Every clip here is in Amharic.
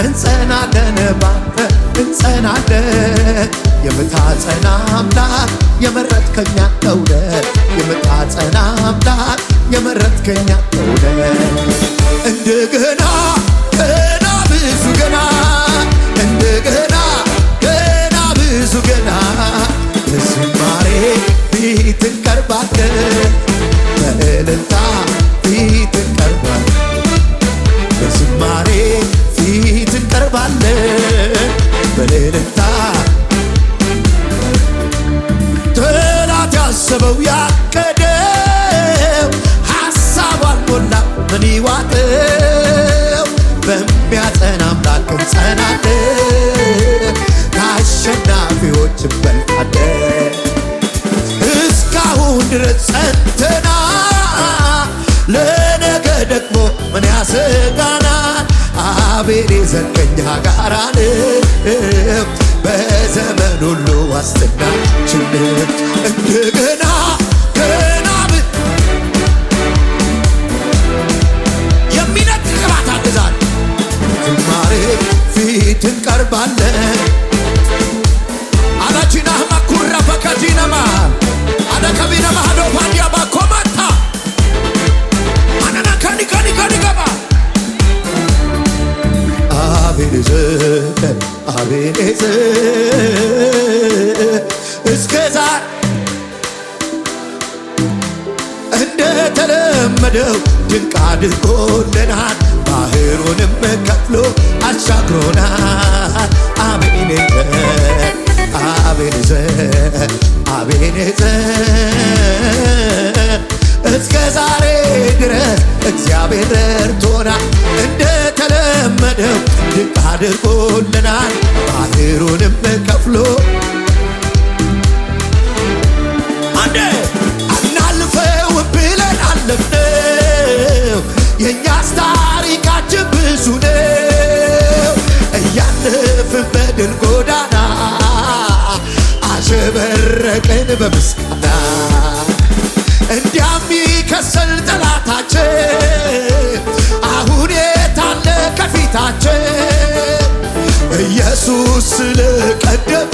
እንጸናለን ባንተ እንጸናለን። የምታጸና አምላክ የመረጥከኛ ተውደ የምታጸና አምላክ የመረጥከኛ ተውደ እንደገና ገና ብዙ ገና እንደገና ገና ብዙ ገና በዝማሬ ፊት እንቀርባለን እልልታ ጠላት ያሰበው ያቀደው ሀሳብ አልሞላ ምን ይዋጠው በሚያጸና አምላክ እጸናለሁ ከአሸናፊዎች እበልጣለሁ እስካሁን ድረስ ጸንተና ለነገ ደግሞ ምን ያሰጋናል አቤል የዘልቀኛ ጋራን በዘመን ሁሉ ዋስትና ችንብ እንደገና ገና የሚነቅ ቅባት አግዛል ዝማሬ ፊትን ቀርባለን ቤት እስከ እንደተለመደው ድንቅ አድርጎልናል። ባህሩንም ከፍሎ አሻግሮናል። አቤኔዘር አቤኔዘር አቤኔዘር እስከ ዛሬ ድረስ እግዚአብሔር ረድቶናል። እንደተለመደው ድንቅ አድርጎልናል። ምስጢሩንም ከፍሎ አንዴ አናልፈው ብለን አለፍነው የእኛ ስታ ኢየሱስ ስለቀደመ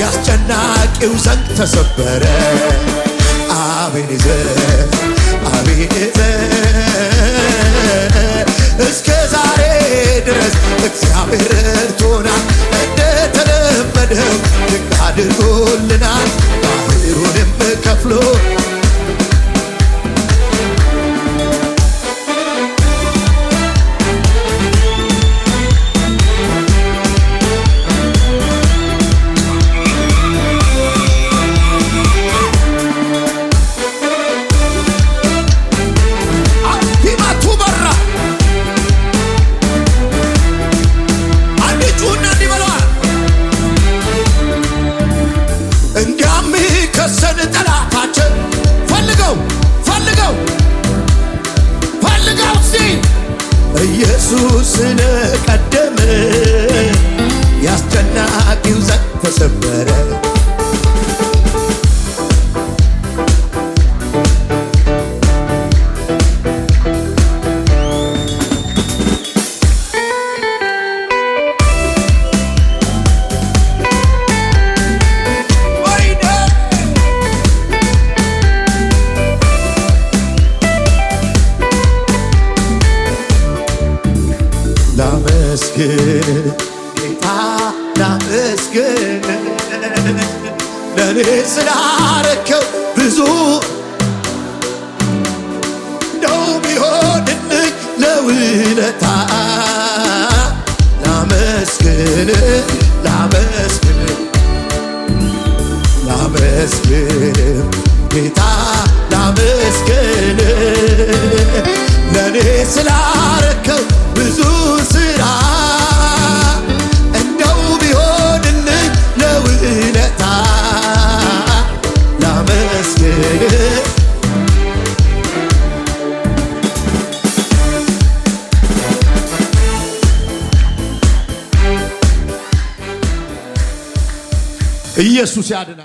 ያስጨናቂው ዘንግ ተሰበረ። አቤኔዘር አቤኔዘር ስለቀደመ ያስጨናቂው ዘግ ተሰበረ ላመስግን ጌታ ላመስግን ለእኔ ስላረከው ብዙ ነው ቢሆንልኝ ለውለታ ላመስግን ላመስግን ላመስግን ጌታ ላመስግን ለእኔ ስላረከው ብዙ e a associada na